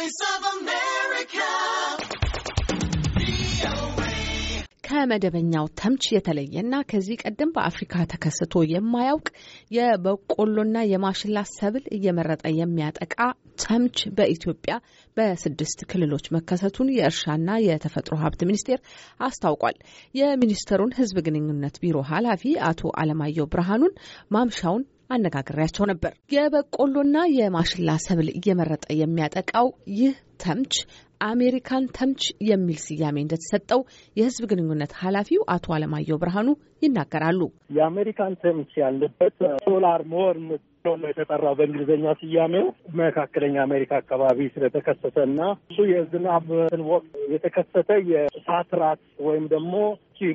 Voice of America. ከመደበኛው ተምች የተለየና ከዚህ ቀደም በአፍሪካ ተከስቶ የማያውቅ የበቆሎና የማሽላ ሰብል እየመረጠ የሚያጠቃ ተምች በኢትዮጵያ በስድስት ክልሎች መከሰቱን የእርሻና የተፈጥሮ ሀብት ሚኒስቴር አስታውቋል። የሚኒስቴሩን ሕዝብ ግንኙነት ቢሮ ኃላፊ አቶ አለማየሁ ብርሃኑን ማምሻውን አነጋግሬያቸው ነበር። የበቆሎና የማሽላ ሰብል እየመረጠ የሚያጠቃው ይህ ተምች አሜሪካን ተምች የሚል ስያሜ እንደተሰጠው የህዝብ ግንኙነት ኃላፊው አቶ አለማየሁ ብርሃኑ ይናገራሉ። የአሜሪካን ተምች ያለበት ሶላር ሞርን ሆኖ የተጠራው በእንግሊዝኛ ስያሜው መካከለኛ አሜሪካ አካባቢ ስለተከሰተ እና እሱ የዝናብን ወቅት የተከሰተ የእሳት ራት ወይም ደግሞ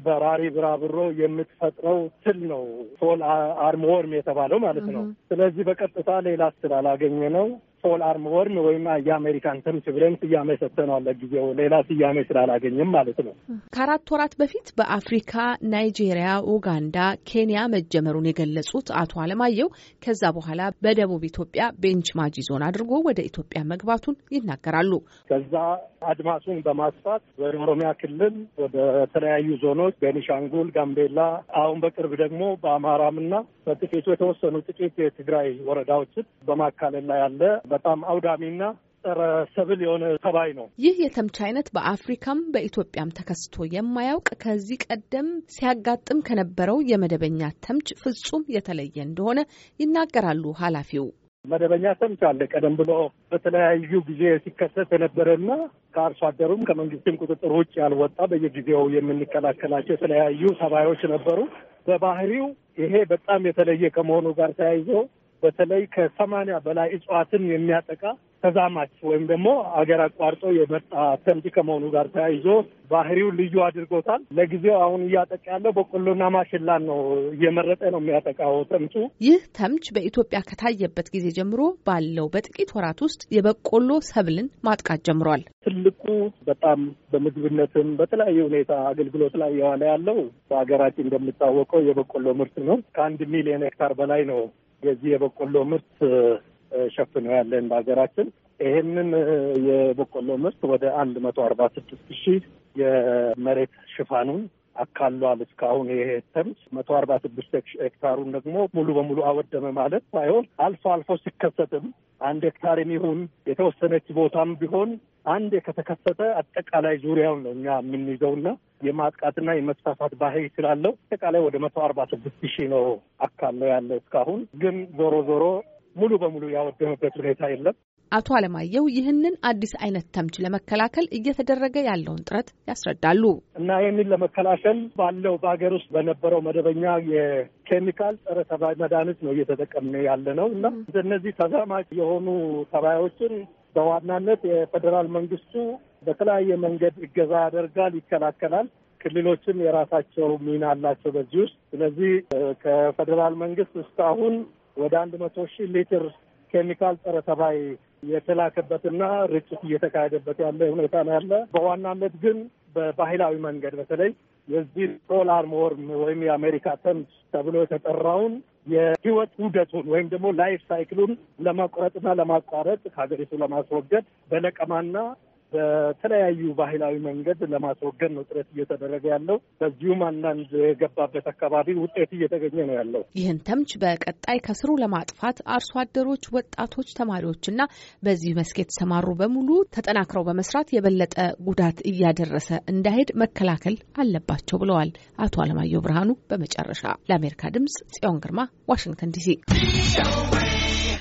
በራሪ ብራብሮ የምትፈጥረው ትል ነው። ሶል አርምወርም የተባለው ማለት ነው። ስለዚህ በቀጥታ ሌላ ስል አላገኘ ነው ፖል አርምወርን ወይም የአሜሪካን ትምስ ብለን ስያሜ ሰጥተነዋል። ለጊዜው ሌላ ስያሜ ስላላገኝም ማለት ነው። ከአራት ወራት በፊት በአፍሪካ ናይጄሪያ፣ ኡጋንዳ፣ ኬንያ መጀመሩን የገለጹት አቶ አለማየሁ ከዛ በኋላ በደቡብ ኢትዮጵያ ቤንች ማጂ ዞን አድርጎ ወደ ኢትዮጵያ መግባቱን ይናገራሉ። ከዛ አድማሱን በማስፋት ወደ ኦሮሚያ ክልል ወደ ተለያዩ ዞኖች ቤኒሻንጉል፣ ጋምቤላ፣ አሁን በቅርብ ደግሞ በአማራምና በጥቂቱ የተወሰኑ ጥቂት የትግራይ ወረዳዎችን በማካለል ላይ ያለ በጣም አውዳሚና ጸረ ሰብል የሆነ ተባይ ነው። ይህ የተምች አይነት በአፍሪካም በኢትዮጵያም ተከስቶ የማያውቅ ከዚህ ቀደም ሲያጋጥም ከነበረው የመደበኛ ተምች ፍጹም የተለየ እንደሆነ ይናገራሉ ኃላፊው። መደበኛ ሰምቻለ ቀደም ብሎ በተለያዩ ጊዜ ሲከሰት የነበረና ከአርሶ አደሩም ከመንግስትም ቁጥጥር ውጭ ያልወጣ በየጊዜው የምንከላከላቸው የተለያዩ ሰባዮች ነበሩ። በባህሪው ይሄ በጣም የተለየ ከመሆኑ ጋር ተያይዞ በተለይ ከሰማንያ በላይ እጽዋትን የሚያጠቃ ተዛማች ወይም ደግሞ አገር አቋርጦ የመጣ ተምች ከመሆኑ ጋር ተያይዞ ባህሪው ልዩ አድርጎታል። ለጊዜው አሁን እያጠቃ ያለው በቆሎና ማሽላን ነው፣ እየመረጠ ነው የሚያጠቃው ተምቹ። ይህ ተምች በኢትዮጵያ ከታየበት ጊዜ ጀምሮ ባለው በጥቂት ወራት ውስጥ የበቆሎ ሰብልን ማጥቃት ጀምሯል። ትልቁ በጣም በምግብነትም በተለያየ ሁኔታ አገልግሎት ላይ የዋለ ያለው በሀገራችን እንደሚታወቀው የበቆሎ ምርት ነው። ከአንድ ሚሊዮን ሄክታር በላይ ነው የዚህ የበቆሎ ምርት ሸፍነው ያለን በሀገራችን ይህንን የበቆሎ ምርት ወደ አንድ መቶ አርባ ስድስት ሺህ የመሬት ሽፋኑን አካሏል። እስካሁን ይሄ ተምስ መቶ አርባ ስድስት ሄክታሩን ደግሞ ሙሉ በሙሉ አወደመ ማለት ሳይሆን አልፎ አልፎ ሲከሰትም አንድ ሄክታር የሚሆን የተወሰነች ቦታም ቢሆን አንድ ከተከሰተ አጠቃላይ ዙሪያውን ነው እኛ የምንይዘውና የማጥቃትና የመስፋፋት ባህሪ ስላለው አጠቃላይ ወደ መቶ አርባ ስድስት ሺህ ነው አካል ነው ያለ እስካሁን ግን ዞሮ ዞሮ ሙሉ በሙሉ ያወደመበት ሁኔታ የለም። አቶ አለማየሁ ይህንን አዲስ አይነት ተምች ለመከላከል እየተደረገ ያለውን ጥረት ያስረዳሉ። እና ይህንን ለመከላከል ባለው በሀገር ውስጥ በነበረው መደበኛ የኬሚካል ጸረ ተባይ መድኃኒት ነው እየተጠቀምን ያለ ነው እና እነዚህ ተዛማጅ የሆኑ ተባዮችን በዋናነት የፌዴራል መንግስቱ በተለያየ መንገድ እገዛ ያደርጋል፣ ይከላከላል። ክልሎችም የራሳቸው ሚና አላቸው በዚህ ውስጥ። ስለዚህ ከፌዴራል መንግስት እስካሁን ወደ አንድ መቶ ሺህ ሊትር ኬሚካል ጸረ ተባይ የተላከበትና ርጭት እየተካሄደበት ያለ ሁኔታ ነው ያለ። በዋናነት ግን በባህላዊ መንገድ በተለይ የዚህ ሶላር ዎርም ወይም የአሜሪካ ተምች ተብሎ የተጠራውን የህይወት ውደቱን ወይም ደግሞ ላይፍ ሳይክሉን ለማቁረጥና ለማቋረጥ ከሀገሪቱ ለማስወገድ በለቀማና በተለያዩ ባህላዊ መንገድ ለማስወገድ ነው ጥረት እየተደረገ ያለው። በዚሁም አንዳንድ የገባበት አካባቢ ውጤት እየተገኘ ነው ያለው። ይህን ተምች በቀጣይ ከስሩ ለማጥፋት አርሶ አደሮች፣ ወጣቶች፣ ተማሪዎችና በዚህ መስክ የተሰማሩ በሙሉ ተጠናክረው በመስራት የበለጠ ጉዳት እያደረሰ እንዳይሄድ መከላከል አለባቸው ብለዋል አቶ አለማየሁ ብርሃኑ። በመጨረሻ ለአሜሪካ ድምጽ ጽዮን ግርማ ዋሽንግተን ዲሲ